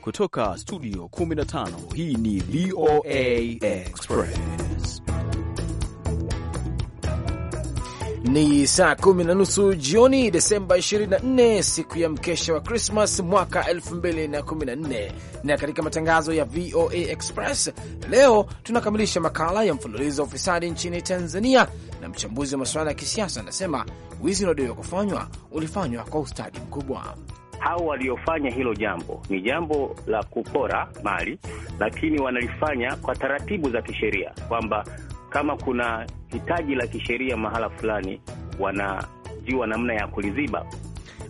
Kutoka studio 15 hii ni VOA Express. Ni saa kumi na nusu jioni, Desemba 24, siku ya mkesha wa Krismas mwaka 2014. Na katika matangazo ya VOA Express leo tunakamilisha makala ya mfululizo wa ufisadi nchini Tanzania, na mchambuzi wa masuala ya kisiasa anasema wizi unaodaiwa kufanywa ulifanywa kwa ustadi mkubwa hao waliofanya hilo jambo ni jambo la kupora mali, lakini wanalifanya kwa taratibu za kisheria, kwamba kama kuna hitaji la kisheria mahala fulani, wanajua namna ya kuliziba.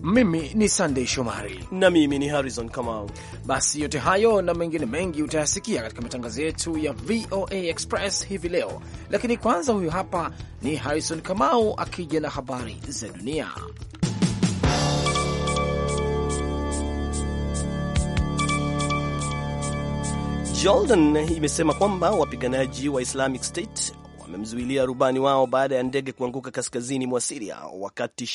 Mimi ni Sandey Shomari na mimi ni Harrison Kamau. Basi yote hayo na mengine mengi utayasikia katika matangazo yetu ya VOA Express hivi leo, lakini kwanza, huyu hapa ni Harrison Kamau akija na habari za dunia. Jordan imesema kwamba wapiganaji wa Islamic State wamemzuilia rubani wao baada ya ndege kuanguka kaskazini mwa Siria wakati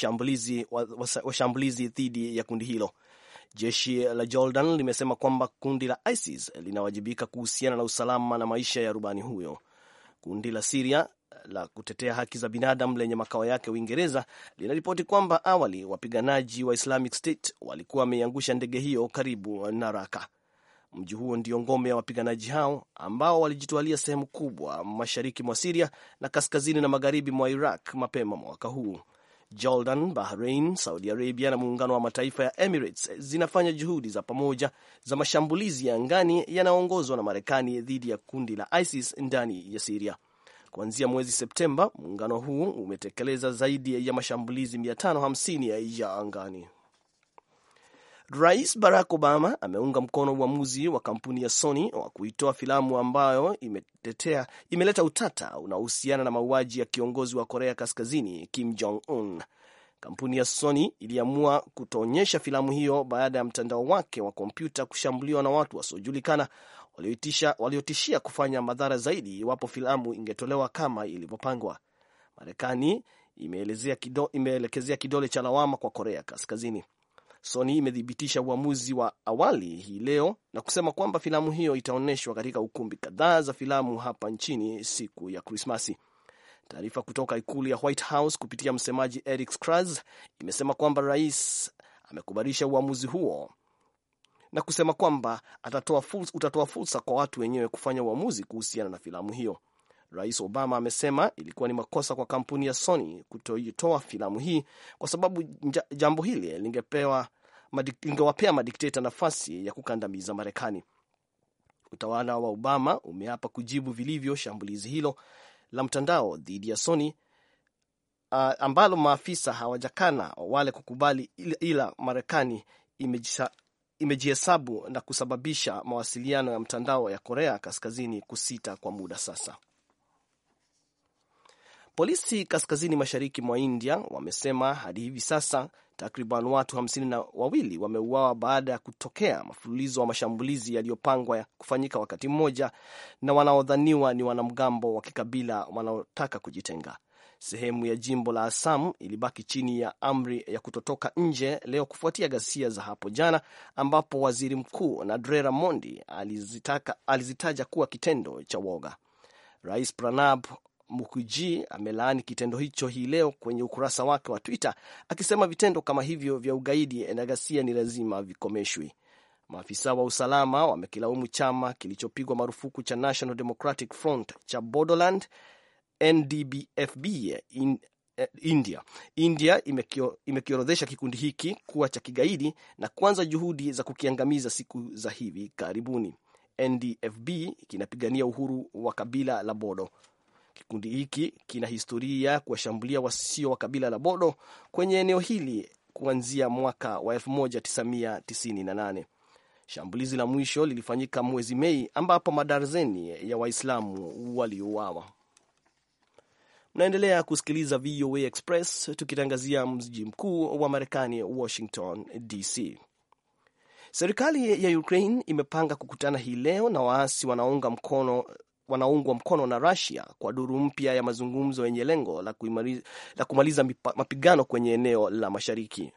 washambulizi dhidi ya kundi hilo. Jeshi la Jordan limesema kwamba kundi la ISIS linawajibika kuhusiana na usalama na maisha ya rubani huyo. Kundi la Siria la kutetea haki za binadamu lenye makao yake Uingereza linaripoti kwamba awali wapiganaji wa Islamic State walikuwa wameiangusha ndege hiyo karibu na Raka. Mji huo ndio ngome ya wapiganaji hao ambao walijitwalia sehemu kubwa mashariki mwa Siria na kaskazini na magharibi mwa Iraq mapema mwaka huu. Jordan, Bahrain, Saudi Arabia na Muungano wa Mataifa ya Emirates zinafanya juhudi za pamoja za mashambulizi ya angani yanayoongozwa na Marekani dhidi ya kundi la ISIS ndani ya Siria. Kuanzia mwezi Septemba, muungano huu umetekeleza zaidi ya mashambulizi 550 ya angani. Rais Barack Obama ameunga mkono uamuzi wa kampuni ya Sony wa kuitoa filamu ambayo imetetea, imeleta utata unaohusiana na mauaji ya kiongozi wa Korea Kaskazini Kim Jong Un. Kampuni ya Sony iliamua kutoonyesha filamu hiyo baada ya mtandao wake wa kompyuta kushambuliwa na watu wasiojulikana waliotishia kufanya madhara zaidi iwapo filamu ingetolewa kama ilivyopangwa. Marekani imeelekezea kidole cha lawama kwa Korea Kaskazini. Sony imethibitisha uamuzi wa awali hii leo na kusema kwamba filamu hiyo itaonyeshwa katika ukumbi kadhaa za filamu hapa nchini siku ya Krismasi. Taarifa kutoka ikulu ya White House kupitia msemaji Eric Kras imesema kwamba rais amekubalisha uamuzi huo na kusema kwamba atatoa fursa, utatoa fursa kwa watu wenyewe kufanya uamuzi kuhusiana na filamu hiyo. Rais Obama amesema ilikuwa ni makosa kwa kampuni ya Sony kutoitoa filamu hii kwa sababu jambo hili lingepewa madik, ingewapea madikteta nafasi ya kukandamiza Marekani. Utawala wa Obama umeapa kujibu vilivyo shambulizi hilo la mtandao dhidi ya Sony uh, ambalo maafisa hawajakana wale kukubali, ila, Marekani imejihesabu na kusababisha mawasiliano ya mtandao ya Korea Kaskazini kusita kwa muda sasa. Polisi kaskazini mashariki mwa India wamesema hadi hivi sasa takriban watu hamsini na wawili wameuawa baada ya kutokea mfululizo wa mashambulizi yaliyopangwa kufanyika wakati mmoja na wanaodhaniwa ni wanamgambo wa kikabila wanaotaka kujitenga. Sehemu ya jimbo la Assam ilibaki chini ya amri ya kutotoka nje leo kufuatia ghasia za hapo jana, ambapo waziri mkuu Narendra Modi alizitaka, alizitaja kuwa kitendo cha woga. Rais Pranab Mukiji amelaani kitendo hicho hii leo kwenye ukurasa wake wa Twitter akisema vitendo kama hivyo vya ugaidi na ghasia ni lazima vikomeshwi. Maafisa wa usalama wamekilaumu chama kilichopigwa marufuku cha National Democratic Front cha Bodoland NDBFB in, India. Eh, India. India imekio, imekiorodhesha kikundi hiki kuwa cha kigaidi na kuanza juhudi za kukiangamiza siku za hivi karibuni. NDFB kinapigania uhuru wa kabila la Bodo Kikundi hiki kina historia ya kuwashambulia wasio wa kabila la Bodo kwenye eneo hili kuanzia mwaka wa 1998. Shambulizi la mwisho lilifanyika mwezi Mei ambapo madarzeni ya Waislamu waliuawa. Mnaendelea kusikiliza VOA Express tukitangazia mji mkuu wa Marekani, Washington DC. Serikali ya Ukraine imepanga kukutana hii leo na waasi wanaounga mkono wanaungwa mkono na Russia kwa duru mpya ya mazungumzo yenye lengo la, la kumaliza mipa, mapigano kwenye eneo la mashariki.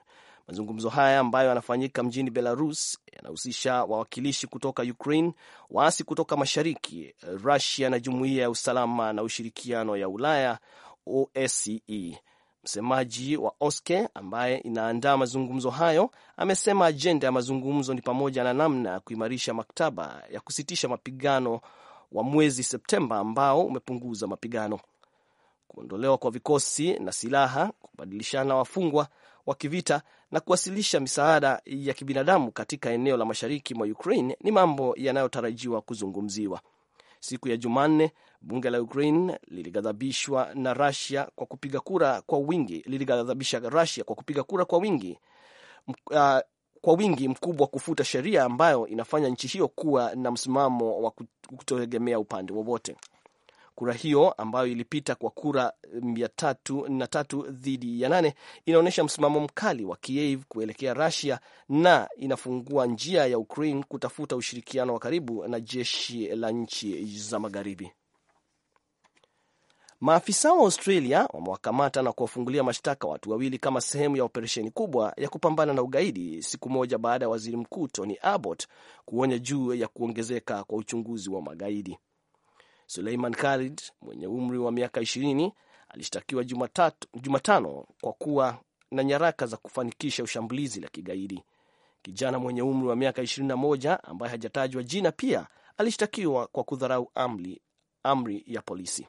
Mazungumzo haya ambayo yanafanyika mjini Belarus yanahusisha wawakilishi kutoka Ukraine, waasi kutoka mashariki, Russia na jumuiya ya usalama na ushirikiano ya Ulaya, OSCE. Msemaji wa OSCE ambaye inaandaa mazungumzo hayo amesema ajenda ya mazungumzo ni pamoja na namna ya kuimarisha maktaba ya kusitisha mapigano wa mwezi Septemba ambao umepunguza mapigano. Kuondolewa kwa vikosi na silaha, kubadilishana wafungwa wa kivita na kuwasilisha misaada ya kibinadamu katika eneo la mashariki mwa Ukraine ni mambo yanayotarajiwa kuzungumziwa. Siku ya Jumanne, bunge la Ukraine liligadhabishwa na Russia kwa kupiga kura kwa wingi, liligadhabisha Russia kwa kupiga kura kwa wingi uh, kwa wingi mkubwa kufuta sheria ambayo inafanya nchi hiyo kuwa na msimamo wa kutoegemea upande wowote. Kura hiyo ambayo ilipita kwa kura mia tatu na tatu dhidi ya nane inaonyesha msimamo mkali wa Kiev kuelekea rasia na inafungua njia ya Ukraine kutafuta ushirikiano wa karibu na jeshi la nchi za magharibi. Maafisa wa Australia wamewakamata na kuwafungulia mashtaka watu wawili kama sehemu ya operesheni kubwa ya kupambana na ugaidi, siku moja baada ya waziri mkuu Tony Abbott kuonya juu ya kuongezeka kwa uchunguzi wa magaidi. Suleiman Khalid mwenye umri wa miaka 20 alishtakiwa Jumatano kwa kuwa na nyaraka za kufanikisha ushambulizi la kigaidi. Kijana mwenye umri wa miaka 21 ambaye hajatajwa jina pia alishtakiwa kwa kudharau amri, amri ya polisi.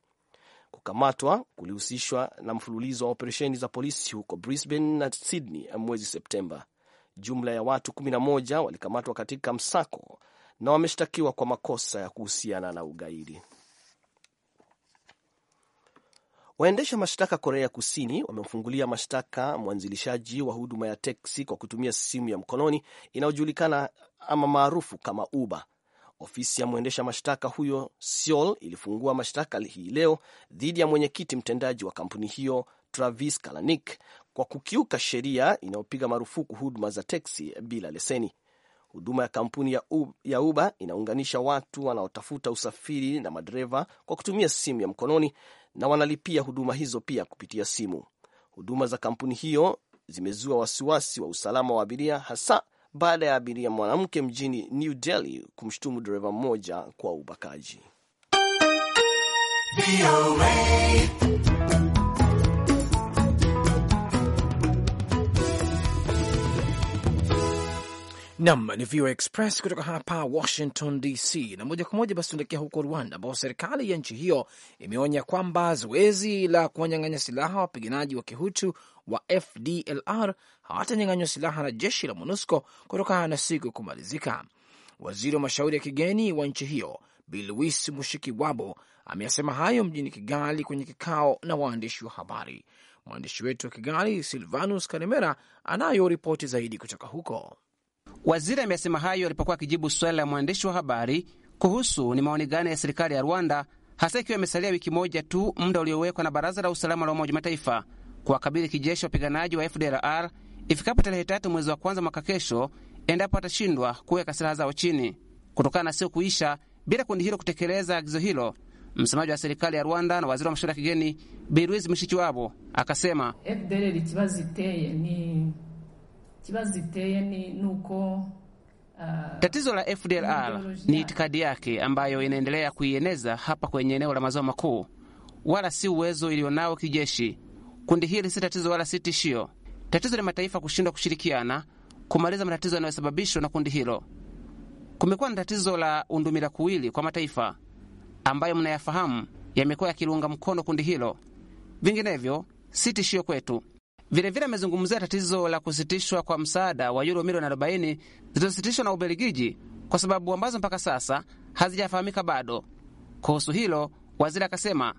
Kukamatwa kulihusishwa na mfululizo wa operesheni za polisi huko Brisbane na Sydney mwezi Septemba. Jumla ya watu 11 walikamatwa katika msako na wameshtakiwa kwa makosa ya kuhusiana na ugaidi. Waendesha mashtaka Korea Kusini wamemfungulia mashtaka mwanzilishaji wa huduma ya teksi kwa kutumia simu ya mkononi inayojulikana ama maarufu kama Uber Ofisi ya mwendesha mashtaka huyo Seoul ilifungua mashtaka hii leo dhidi ya mwenyekiti mtendaji wa kampuni hiyo Travis Kalanick kwa kukiuka sheria inayopiga marufuku huduma za teksi bila leseni. Huduma ya kampuni ya Uber inaunganisha watu wanaotafuta usafiri na madereva kwa kutumia simu ya mkononi na wanalipia huduma hizo pia kupitia simu. Huduma za kampuni hiyo zimezua wasiwasi wa usalama wa abiria, hasa baada ya abiria mwanamke mjini New Delhi kumshutumu dereva mmoja kwa ubakaji. Nam ni VOA Express kutoka hapa Washington DC, na moja kwa moja basi tunaelekea huko Rwanda, ambapo serikali ya nchi hiyo imeonya kwamba zoezi la kuwanyang'anya silaha wapiganaji wa kihutu wa FDLR hawatanyang'anywa silaha na jeshi la MONUSCO kutokana na siku kumalizika. Waziri wa mashauri ya kigeni wa nchi hiyo bilwis mushiki Mushikiwabo ameyasema hayo mjini Kigali kwenye kikao na waandishi wa habari. Mwandishi wetu wa Kigali Silvanus Karemera anayo ripoti zaidi kutoka huko. Waziri amesema hayo alipokuwa akijibu swali la mwandishi wa habari kuhusu ni maoni gani ya serikali ya Rwanda, hasa ikiwa imesalia wiki moja tu muda uliowekwa na Baraza la Usalama la Umoja Mataifa kuwakabili kijeshi wapiganaji wa FDLR ifikapo tarehe tatu mwezi wa kwanza mwaka kesho, endapo atashindwa kuweka silaha zao chini, kutokana na sio kuisha bila kundi hilo kutekeleza agizo hilo. Msemaji wa serikali ya Rwanda na waziri wa mashauri ya kigeni Bi Louise Mushikiwabo akasema FDLR ikibazo ziteye ni uko uh, Tatizo la FDLR ni itikadi yake ambayo inaendelea kuieneza hapa kwenye eneo la maziwa makuu, wala si uwezo iliyonao kijeshi. Kundi hili si tatizo wala si tishio. Tatizo ni mataifa kushindwa kushirikiana kumaliza matatizo yanayosababishwa na kundi hilo. Kumekuwa na tatizo la undumila kuwili kwa mataifa ambayo mnayafahamu yamekuwa yakiliunga mkono kundi hilo, vinginevyo si tishio kwetu. Vilevile amezungumzia tatizo la kusitishwa kwa msaada wa yuro milioni arobaini zilizositishwa na Ubelgiji kwa sababu ambazo mpaka sasa hazijafahamika bado. Kuhusu hilo, waziri akasema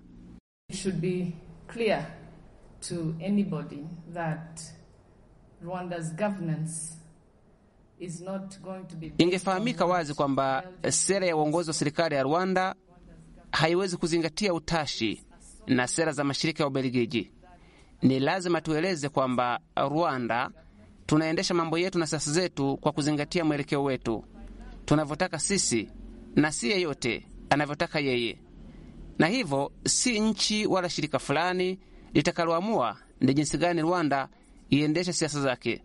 ingefahamika wazi kwamba sera ya uongozi wa serikali ya Rwanda haiwezi kuzingatia utashi na sera za mashirika ya Ubelgiji ni lazima tueleze kwamba Rwanda tunaendesha mambo yetu na siasa zetu kwa kuzingatia mwelekeo wetu tunavyotaka sisi na si yeyote anavyotaka yeye, na hivyo si nchi wala shirika fulani litakaloamua ni jinsi gani Rwanda iendeshe siasa zake.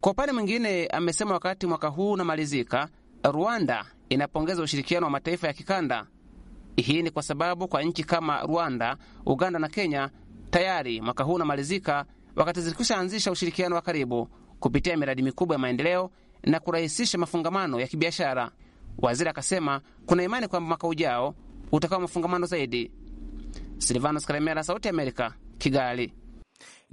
Kwa upande mwingine, amesema wakati mwaka huu unamalizika, Rwanda inapongeza ushirikiano wa mataifa ya kikanda. Hii ni kwa sababu kwa nchi kama Rwanda, Uganda na Kenya tayari mwaka huu unamalizika, wakati zilikwisha anzisha ushirikiano wa karibu kupitia miradi mikubwa ya maendeleo na kurahisisha mafungamano ya kibiashara. Waziri akasema kuna imani kwamba mwaka ujao utakuwa mafungamano zaidi. Silvanos Karemera, Sauti ya Amerika, Kigali.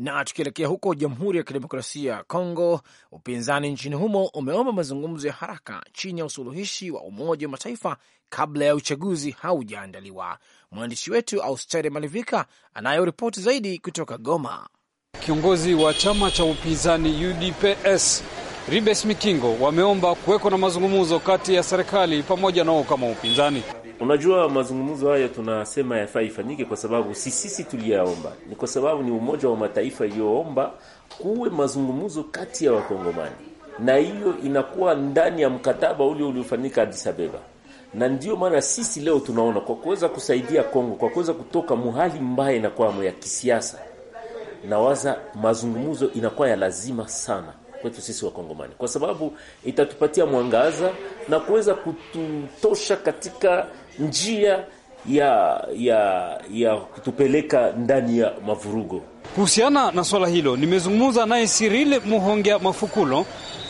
Na tukielekea huko Jamhuri ya Kidemokrasia ya Kongo, upinzani nchini humo umeomba mazungumzo ya haraka chini ya usuluhishi wa Umoja wa Mataifa kabla ya uchaguzi haujaandaliwa. Mwandishi wetu Austere Malivika anayo ripoti zaidi kutoka Goma. Kiongozi wa chama cha upinzani UDPS Ribes Mikingo wameomba kuweko na mazungumzo kati ya serikali pamoja nao kama upinzani. Unajua, mazungumzo haya tunasema yafaa ifanyike kwa sababu si sisi tuliyaomba, ni kwa sababu ni Umoja wa Mataifa iliyoomba kuwe mazungumzo kati ya Wakongomani, na hiyo inakuwa ndani ya mkataba ule uliofanyika Addis Ababa na ndio maana sisi leo tunaona kwa kuweza kusaidia Kongo kwa kuweza kutoka muhali mbaya inakwamo ya kisiasa, na waza mazungumzo inakuwa ya lazima sana kwetu sisi Wakongomani, kwa sababu itatupatia mwangaza na kuweza kututosha katika njia ya ya ya kutupeleka ndani ya mavurugo. Kuhusiana na swala hilo, nimezungumza naye Sirile Muhongea Mafukulo,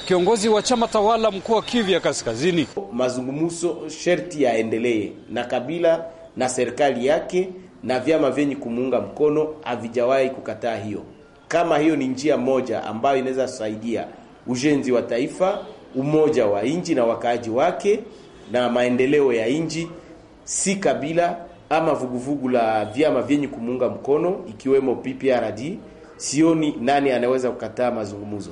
kiongozi wa chama tawala mkoa wa Kivu ya Kaskazini. Mazungumzo sherti yaendelee na Kabila na serikali yake na vyama vyenye kumuunga mkono havijawahi kukataa hiyo. Kama hiyo ni njia moja ambayo inaweza saidia ujenzi wa taifa, umoja wa nchi na wakaaji wake, na maendeleo ya nchi, si kabila ama vuguvugu la vyama vyenye kumuunga mkono ikiwemo PPRD, sioni nani anaweza kukataa mazungumzo.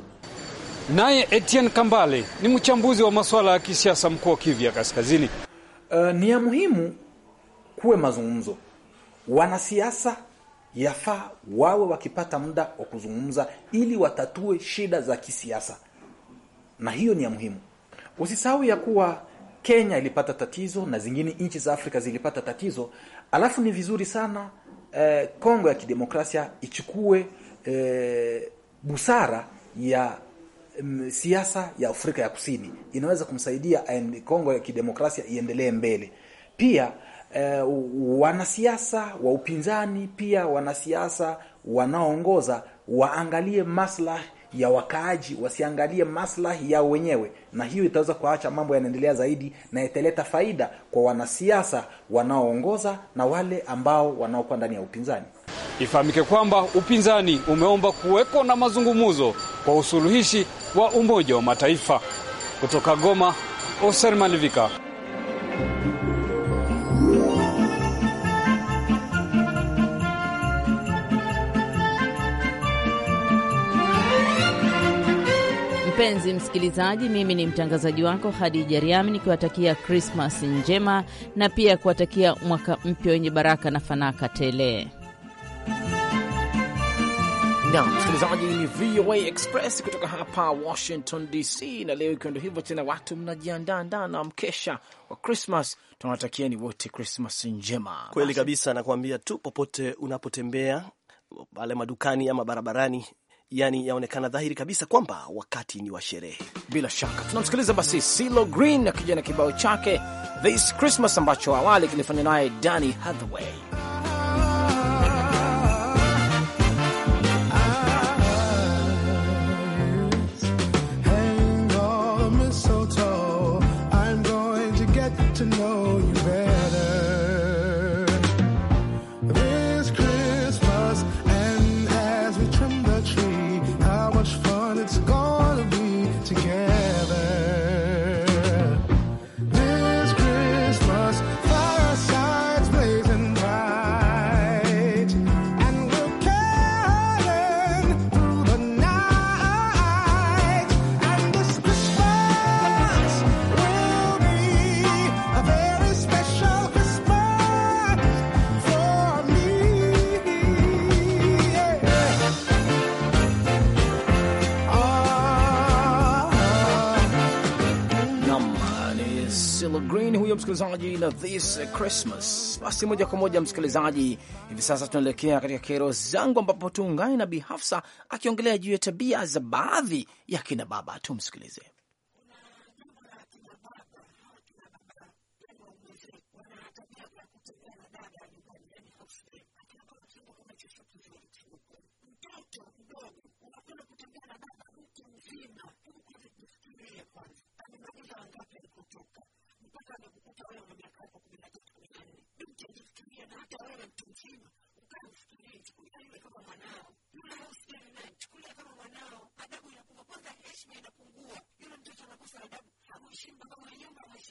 Naye Etienne Kambale ni mchambuzi wa masuala ya kisiasa mkoa wa Kivu ya Kaskazini. Uh, ni ya muhimu kuwe mazungumzo, wanasiasa yafaa wawe wakipata muda wa kuzungumza ili watatue shida za kisiasa, na hiyo ni ya muhimu. Usisahau ya kuwa Kenya ilipata tatizo na zingine nchi za Afrika zilipata tatizo, alafu ni vizuri sana eh, Kongo ya kidemokrasia ichukue eh, busara ya mm, siasa ya Afrika ya Kusini, inaweza kumsaidia eh, Kongo ya kidemokrasia iendelee mbele pia eh, wanasiasa wa upinzani pia wanasiasa wanaoongoza waangalie maslahi ya wakaaji, wasiangalie maslahi yao wenyewe, na hiyo itaweza kuacha mambo yanaendelea zaidi, na italeta faida kwa wanasiasa wanaoongoza na wale ambao wanaokuwa ndani ya upinzani. Ifahamike kwamba upinzani umeomba kuweko na mazungumzo kwa usuluhishi wa Umoja wa Mataifa. Kutoka Goma, Oser Malivika. Mpenzi msikilizaji, mimi ni mtangazaji wako Hadija Riami nikiwatakia Krismas njema na pia kuwatakia mwaka mpya wenye baraka na fanaka tele. Na msikilizaji, ni VOA Express kutoka hapa Washington DC, na leo ikiwa ndo hivyo tena, watu mnajiandaa ndaa na mkesha wa Krismas. ni wote Krismas njema. Kweli kabisa, nakuambia tu, popote unapotembea pale madukani ama barabarani, yani yaonekana dhahiri kabisa kwamba wakati ni wa sherehe. Bila shaka tunamsikiliza basi Silo Green akija na kibao chake This Christmas ambacho awali kilifanya naye Danny Hathaway. msikilizaji na this uh, Christmas. Basi moja kwa moja msikilizaji, hivi sasa tunaelekea katika kero zangu, ambapo tuungane na Bi Hafsa akiongelea juu ya tabia za baadhi ya kina baba. Tumsikilize mpaka anakukuta wewe miaka yako kumi na tatu kumi na nne mtu ajifikiria na hata wewe mtu mzima ukae ufikirie chukulia yule kama mwanao yule naye chukulia kama mwanao adabu inapungua kwanza heshima inapungua yule mtoto anakosa adabu baba mama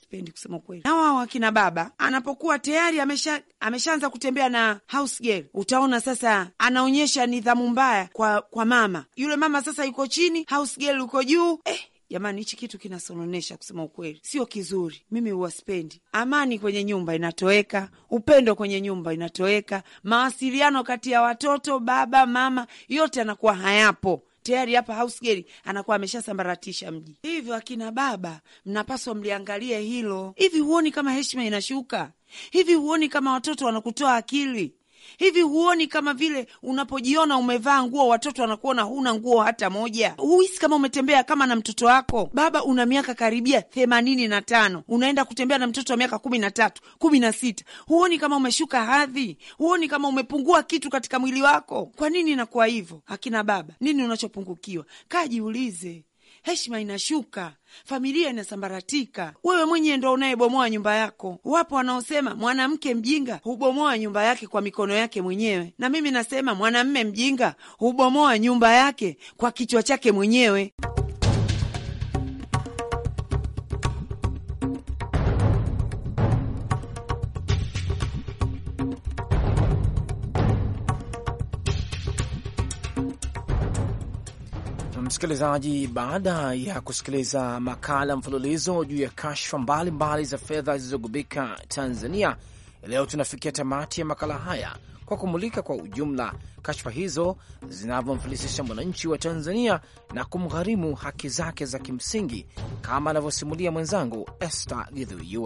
sipendi kusema kweli. wakina baba anapokuwa tayari amesha ameshaanza kutembea na house girl, utaona sasa anaonyesha nidhamu mbaya kwa kwa mama. Yule mama sasa yuko chini, house girl yuko juu eh. Jamani, hichi kitu kinasononesha, kusema ukweli, sio kizuri. Mimi huwaspendi. Amani kwenye nyumba inatoweka, upendo kwenye nyumba inatoweka, mawasiliano kati ya watoto, baba mama, yote anakuwa hayapo tayari hapa Hausgeli anakuwa ameshasambaratisha mji. Hivyo akina baba, mnapaswa mliangalie hilo. Hivi huoni kama heshima inashuka? Hivi huoni kama watoto wanakutoa akili? Hivi huoni kama vile unapojiona umevaa nguo watoto wanakuona huna nguo hata moja? Huhisi kama umetembea kama na mtoto wako? Baba una miaka karibia themanini na tano, unaenda kutembea na mtoto wa miaka kumi na tatu, kumi na sita. Huoni kama umeshuka hadhi? Huoni kama umepungua kitu katika mwili wako? Kwa nini inakuwa hivyo? Akina baba, nini unachopungukiwa? Kaa jiulize heshima inashuka, familia inasambaratika. Wewe mwenye ndo unayebomoa nyumba yako. Wapo wanaosema mwanamke mjinga hubomoa nyumba yake kwa mikono yake mwenyewe, na mimi nasema mwanamme mjinga hubomoa nyumba yake kwa kichwa chake mwenyewe. Msikilizaji, baada ya kusikiliza makala mfululizo juu ya kashfa mbalimbali za fedha zilizogubika Tanzania, leo tunafikia tamati ya makala haya kwa kumulika kwa ujumla kashfa hizo zinavyomfilisisha mwananchi wa Tanzania na kumgharimu haki zake za kimsingi, kama anavyosimulia mwenzangu Esther Githui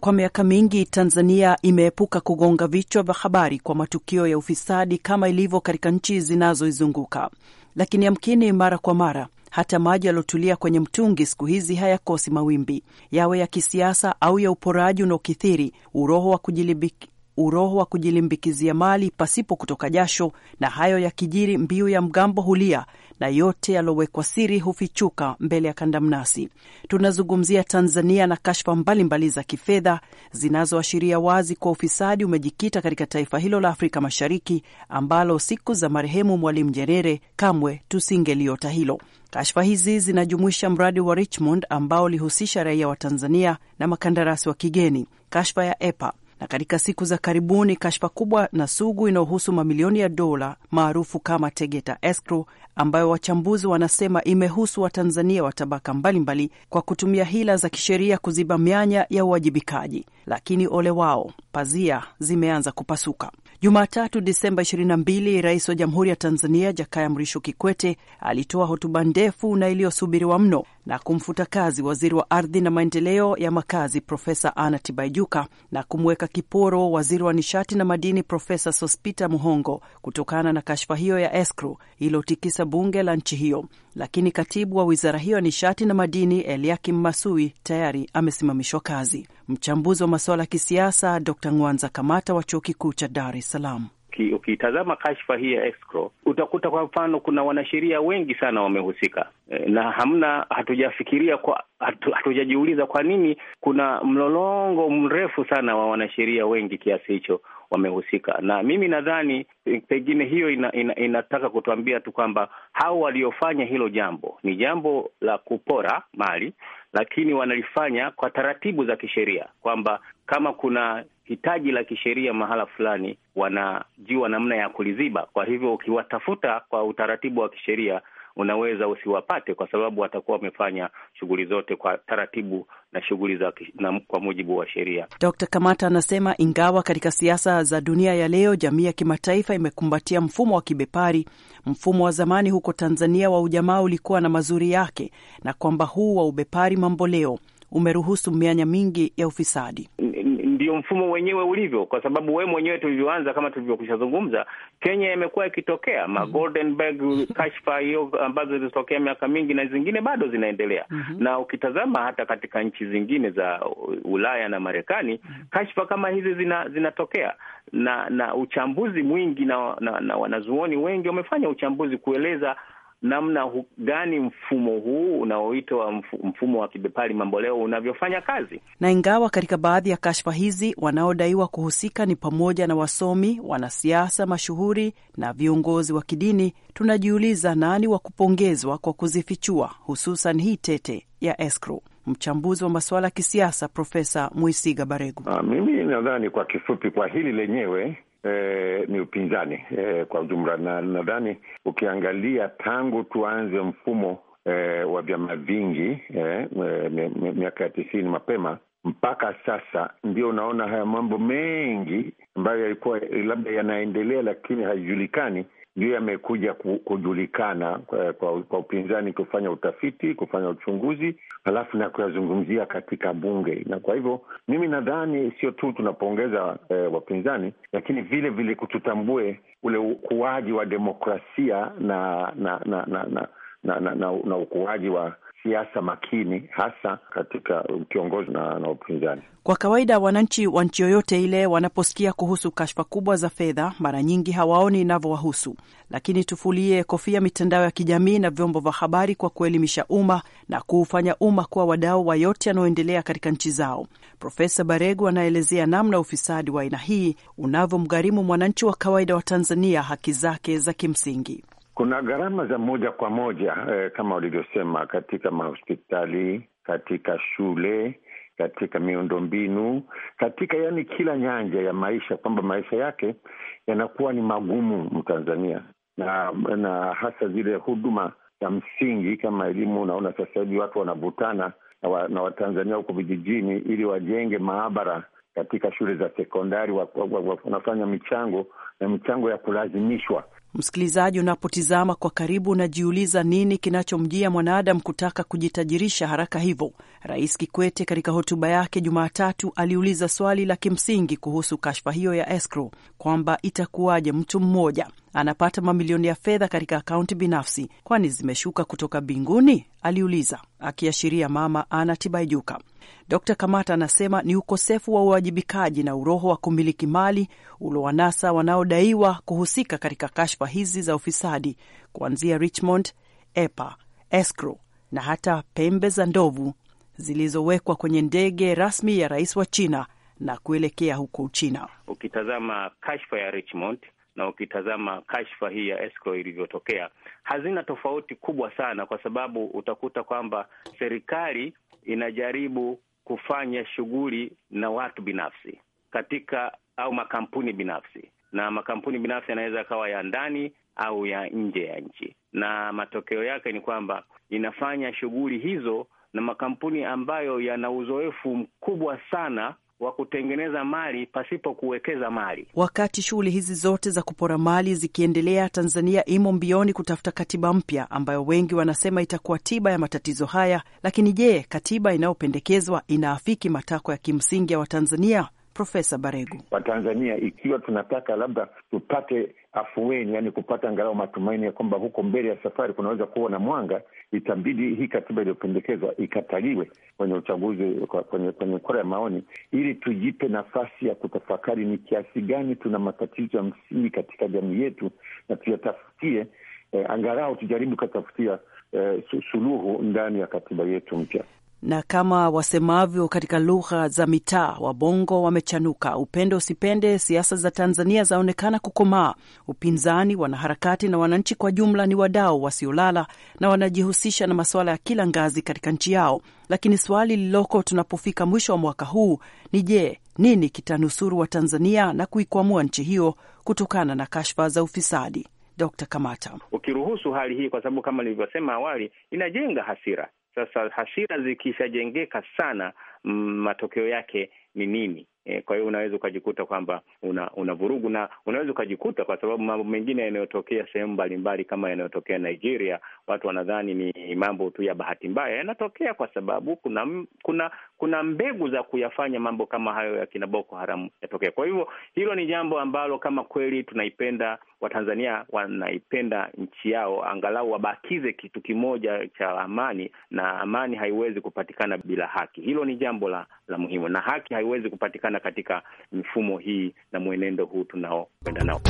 Kwa miaka mingi Tanzania imeepuka kugonga vichwa vya habari kwa matukio ya ufisadi kama ilivyo katika nchi zinazoizunguka lakini yamkini mara kwa mara hata maji yaliotulia kwenye mtungi siku hizi hayakosi mawimbi, yawe ya kisiasa au ya uporaji unaokithiri, uroho wa kujilimbikizia uroho wa kujilimbikizia mali pasipo kutoka jasho, na hayo yakijiri, mbiu ya mgambo hulia na yote yalowekwa siri hufichuka mbele ya kandamnasi. Tunazungumzia Tanzania na kashfa mbalimbali za kifedha zinazoashiria wazi kwa ufisadi umejikita katika taifa hilo la Afrika Mashariki ambalo siku za marehemu Mwalimu Nyerere kamwe tusingeliota hilo. Kashfa hizi zinajumuisha mradi wa Richmond ambao ulihusisha raia wa Tanzania na makandarasi wa kigeni, kashfa ya EPA na katika siku za karibuni kashfa kubwa na sugu inayohusu mamilioni ya dola maarufu kama Tegeta Escrow, ambayo wachambuzi wanasema imehusu Watanzania wa tabaka mbalimbali kwa kutumia hila za kisheria kuziba mianya ya uwajibikaji. Lakini ole wao, pazia zimeanza kupasuka. Jumatatu Disemba 22, Rais wa Jamhuri ya Tanzania Jakaya Mrisho Kikwete alitoa hotuba ndefu na iliyosubiriwa mno na kumfuta kazi waziri wa ardhi na maendeleo ya makazi Profesa Anna Tibaijuka na kumweka kiporo waziri wa nishati na madini Profesa Sospita Muhongo kutokana na kashfa hiyo ya escrow iliyotikisa bunge la nchi hiyo. Lakini katibu wa wizara hiyo ya nishati na madini Eliakim Masui tayari amesimamishwa kazi. Mchambuzi wa masuala ya kisiasa Dr Ngwanza Kamata wa chuo kikuu cha Dar es Salaam ukitazama kashfa hii ya escrow utakuta kwa mfano kuna wanasheria wengi sana wamehusika, e, na hamna, hatujafikiria kwa hatu, hatujajiuliza kwa nini kuna mlolongo mrefu sana wa wanasheria wengi kiasi hicho wamehusika. Na mimi nadhani pengine hiyo ina, ina, inataka kutuambia tu kwamba hao waliofanya hilo jambo ni jambo la kupora mali, lakini wanalifanya kwa taratibu za kisheria kwamba kama kuna hitaji la kisheria mahala fulani, wanajua namna ya kuliziba. Kwa hivyo ukiwatafuta kwa utaratibu wa kisheria unaweza usiwapate kwa sababu watakuwa wamefanya shughuli zote kwa taratibu na shughuli za kwa mujibu wa sheria. Dr. Kamata anasema ingawa katika siasa za dunia ya leo jamii ya kimataifa imekumbatia mfumo wa kibepari, mfumo wa zamani huko Tanzania wa ujamaa ulikuwa na mazuri yake, na kwamba huu wa ubepari mamboleo umeruhusu mianya mingi ya ufisadi ndio mfumo wenyewe ulivyo, kwa sababu wewe mwenyewe tulivyoanza, kama tulivyokwisha zungumza, Kenya imekuwa ikitokea ma mm-hmm. Goldenberg kashfa hiyo ambazo zilitokea miaka mingi na zingine bado zinaendelea. mm -hmm. Na ukitazama hata katika nchi zingine za Ulaya na Marekani, mm-hmm. kashfa kama hizi zina, zinatokea na na uchambuzi mwingi na, na, na wanazuoni wengi wamefanya uchambuzi kueleza namna gani mfumo huu unaoitwa mfumo wa kibepari mamboleo unavyofanya kazi. Na ingawa katika baadhi ya kashfa hizi wanaodaiwa kuhusika ni pamoja na wasomi, wanasiasa mashuhuri na viongozi wa kidini, tunajiuliza nani wa kupongezwa kwa kuzifichua, hususan hii tete ya escrow. Mchambuzi wa masuala ya kisiasa Profesa Mwisiga Baregu. Ah, mimi nadhani kwa kifupi, kwa hili lenyewe eh, ni upinzani eh, kwa ujumla, na nadhani ukiangalia tangu tuanze mfumo eh, wa vyama vingi eh, miaka ya tisini mapema mpaka sasa ndio unaona haya mambo mengi ambayo yalikuwa labda yanaendelea, lakini haijulikani ndiyo yamekuja kujulikana eh, kwa, kwa, upinzani kufanya utafiti, kufanya uchunguzi, halafu na kuyazungumzia katika bunge. Na kwa hivyo mimi nadhani sio tu tunapongeza eh, wapinzani, lakini vile vile kututambue ule ukuaji wa demokrasia na na na na na, na, na, na, na ukuaji wa siasa makini, hasa katika kiongozi na, na upinzani. Kwa kawaida wananchi wa nchi yoyote ile wanaposikia kuhusu kashfa kubwa za fedha, mara nyingi hawaoni inavyowahusu, lakini tufulie kofia mitandao ya kijamii na vyombo vya habari kwa kuelimisha umma na kuufanya umma kuwa wadau wa yote yanayoendelea katika nchi zao. Profesa Baregu anaelezea namna ufisadi wa aina hii unavyomgharimu mwananchi wa kawaida wa Tanzania haki zake za kimsingi. Kuna gharama za moja kwa moja eh, kama ulivyosema, katika mahospitali, katika shule, katika miundombinu, katika yani kila nyanja ya maisha, kwamba maisha yake yanakuwa ni magumu Mtanzania, na na hasa zile huduma za msingi kama elimu. Unaona sasa hivi watu wanavutana na Watanzania huko vijijini ili wajenge maabara katika shule za sekondari, wanafanya michango na michango ya kulazimishwa Msikilizaji, unapotizama kwa karibu, unajiuliza nini kinachomjia mwanadamu kutaka kujitajirisha haraka hivyo? Rais Kikwete katika hotuba yake Jumatatu aliuliza swali la kimsingi kuhusu kashfa hiyo ya escrow, kwamba itakuwaje mtu mmoja anapata mamilioni ya fedha katika akaunti binafsi, kwani zimeshuka kutoka binguni Aliuliza akiashiria Mama Ana Tibaijuka. Dr Kamata anasema ni ukosefu wa uwajibikaji na uroho wa kumiliki mali uliowanasa wanaodaiwa kuhusika katika kashfa hizi za ufisadi, kuanzia Richmond, EPA, escrow na hata pembe za ndovu zilizowekwa kwenye ndege rasmi ya rais wa China na kuelekea huko Uchina. Ukitazama kashfa ya Richmond na ukitazama kashfa hii ya escrow ilivyotokea, hazina tofauti kubwa sana, kwa sababu utakuta kwamba serikali inajaribu kufanya shughuli na watu binafsi katika au makampuni binafsi, na makampuni binafsi yanaweza yakawa ya ndani au ya nje ya nchi, na matokeo yake ni kwamba inafanya shughuli hizo na makampuni ambayo yana uzoefu mkubwa sana wa kutengeneza mali pasipo kuwekeza mali. Wakati shughuli hizi zote za kupora mali zikiendelea, Tanzania imo mbioni kutafuta katiba mpya ambayo wengi wanasema itakuwa tiba ya matatizo haya. Lakini je, katiba inayopendekezwa inaafiki matakwa ya kimsingi ya Watanzania? Profesa Baregu, kwa Tanzania ikiwa tunataka labda tupate afueni, yani kupata angalau matumaini ya kwamba huko mbele ya safari kunaweza kuwa na mwanga, itabidi hii katiba iliyopendekezwa ikataliwe kwenye uchaguzi, kwenye, kwenye kura ya maoni, ili tujipe nafasi ya kutafakari ni kiasi gani tuna matatizo ya msingi katika jamii yetu, na tuyatafutie eh, angalau tujaribu katafutia eh, suluhu ndani ya katiba yetu mpya na kama wasemavyo katika lugha za mitaa, wabongo wamechanuka. Upende usipende, siasa za Tanzania zaonekana kukomaa. Upinzani, wanaharakati na wananchi kwa jumla ni wadau wasiolala na wanajihusisha na masuala ya kila ngazi katika nchi yao. Lakini swali lililoko tunapofika mwisho wa mwaka huu ni je, nini kitanusuru wa Tanzania na kuikwamua nchi hiyo kutokana na kashfa za ufisadi? Dr. Kamata, ukiruhusu hali hii, kwa sababu kama nilivyosema awali, inajenga hasira sasa hasira zikishajengeka sana, matokeo yake ni nini? E, kwa hiyo unaweza ukajikuta kwamba una, una vurugu na unaweza ukajikuta kwa sababu mambo mengine yanayotokea sehemu mbalimbali kama yanayotokea Nigeria, watu wanadhani ni mambo tu ya bahati mbaya, yanatokea kwa sababu kuna kuna kuna mbegu za kuyafanya mambo kama hayo ya kina Boko Haram yatokea. Kwa hivyo hilo ni jambo ambalo kama kweli tunaipenda Watanzania wanaipenda nchi yao, angalau wabakize kitu kimoja cha amani, na amani haiwezi kupatikana bila haki. Hilo ni jambo la, la muhimu, na haki haiwezi kupatikana katika mifumo hii na mwenendo huu tunaokwenda nao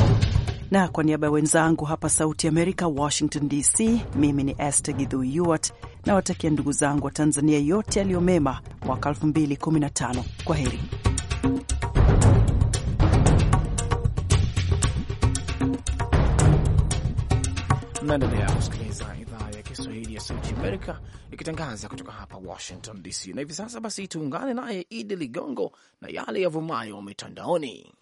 na kwa niaba ya wenzangu hapa Sauti Amerika, Washington DC, mimi ni Esther Gidhu na watakia ndugu zangu wa Tanzania yote yaliyomema mwaka 2015. Kwa heri. Mnaendelea kusikiliza idhaa ya Kiswahili ya Sauti Amerika ikitangaza kutoka hapa Washington DC. Na hivi sasa basi tuungane naye Idi Ligongo na yale yavumayo mitandaoni.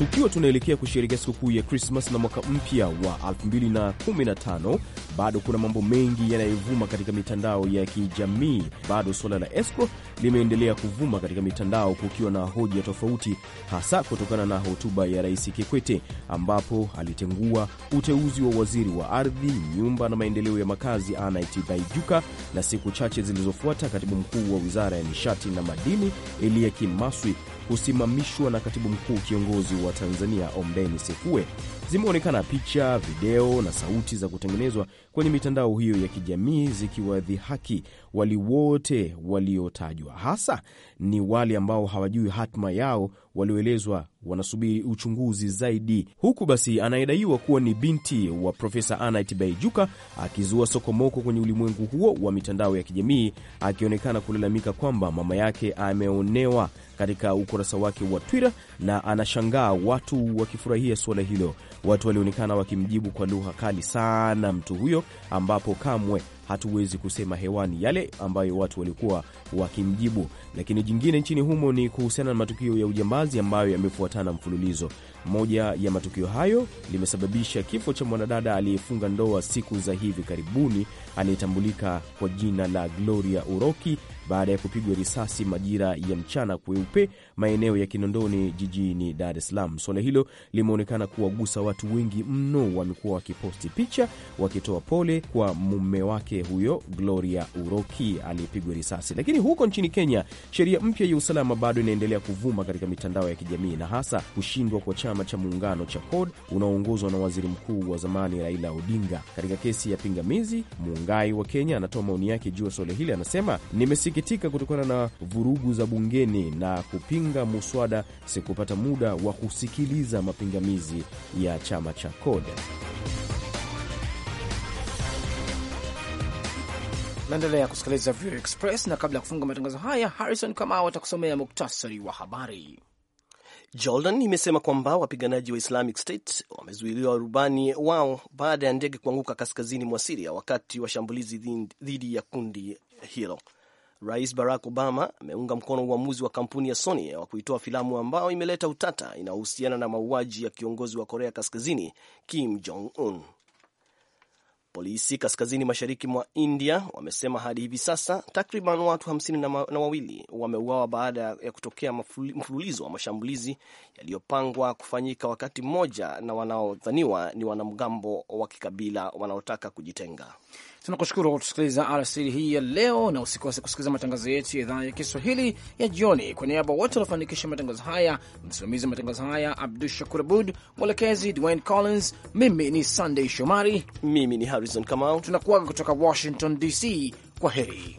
Tukiwa tunaelekea kusherekea sikukuu ya Krismas na mwaka mpya wa 2015 bado kuna mambo mengi yanayovuma katika mitandao ya kijamii. Bado suala la escrow limeendelea kuvuma katika mitandao, kukiwa na hoja tofauti, hasa kutokana na hotuba ya Rais Kikwete ambapo alitengua uteuzi wa waziri wa ardhi, nyumba na maendeleo ya makazi Anait Baijuka, na siku chache zilizofuata katibu mkuu wa wizara ya nishati na madini Eliakim Maswi kusimamishwa na katibu mkuu kiongozi wa Tanzania Ombeni Sefue zimeonekana picha, video na sauti za kutengenezwa kwenye mitandao hiyo ya kijamii zikiwadhihaki wali wote waliotajwa, hasa ni wale ambao hawajui hatima yao walioelezwa wanasubiri uchunguzi zaidi, huku basi anayedaiwa kuwa ni binti wa Profesa anit Baijuka akizua sokomoko kwenye ulimwengu huo wa mitandao ya kijamii, akionekana kulalamika kwamba mama yake ameonewa katika ukurasa wake wa Twitter, na anashangaa watu wakifurahia suala hilo. Watu walionekana wakimjibu kwa lugha kali sana mtu huyo, ambapo kamwe hatuwezi kusema hewani yale ambayo watu walikuwa wakimjibu. Lakini jingine nchini humo ni kuhusiana na matukio ya ujambazi ambayo yamefuatana mfululizo. Moja ya matukio hayo limesababisha kifo cha mwanadada aliyefunga ndoa siku za hivi karibuni aliyetambulika kwa jina la Gloria Uroki baada ya kupigwa risasi majira ya mchana kweupe maeneo ya Kinondoni jijini Dar es Salaam. Suala hilo limeonekana kuwagusa watu wengi mno, wamekuwa wakiposti picha wakitoa pole kwa mume wake huyo Gloria Uroki aliyepigwa risasi. Lakini huko nchini Kenya, sheria mpya ya usalama bado inaendelea kuvuma katika mitandao ya kijamii na hasa kushindwa kwa chama cha muungano cha CORD unaoongozwa na waziri mkuu wa zamani Raila Odinga. Katika kesi ya pingamizi, Muungai wa Kenya anatoa maoni yake juu ya suala hili. Anasema, nimesikitika kutokana na vurugu za bungeni na kupinga muswada, sikupata muda wa kusikiliza mapingamizi ya chama cha CORD. Naendelea kusikiliza View Express, na kabla ya kufunga matangazo haya, Harrison Kamau atakusomea muktasari wa habari. Jordan imesema kwamba wapiganaji wa Islamic State wamezuiliwa rubani wao baada ya ndege kuanguka kaskazini mwa Siria wakati wa shambulizi dhidi ya kundi hilo. Rais Barack Obama ameunga mkono uamuzi wa kampuni ya Sony wa kuitoa filamu ambayo imeleta utata inayohusiana na mauaji ya kiongozi wa Korea Kaskazini Kim Jong Un. Polisi kaskazini mashariki mwa India wamesema hadi hivi sasa takriban watu hamsini na wawili wameuawa baada ya kutokea mfululizo wa mashambulizi yaliyopangwa kufanyika wakati mmoja na wanaodhaniwa ni wanamgambo wa kikabila wanaotaka kujitenga. Tunakushukuru kwa kutusikiliza alasiri hii ya leo, na usikose kusikiliza matangazo yetu ya idhaa ya Kiswahili ya jioni. Kwa niaba wote waliofanikisha matangazo haya, msimamizi wa matangazo haya Abdu Shakur Abud, mwelekezi Dwayne Collins, mimi ni Sunday Shomari, mimi ni Harrison Kamau, tunakuaga kutoka Washington DC. Kwa heri.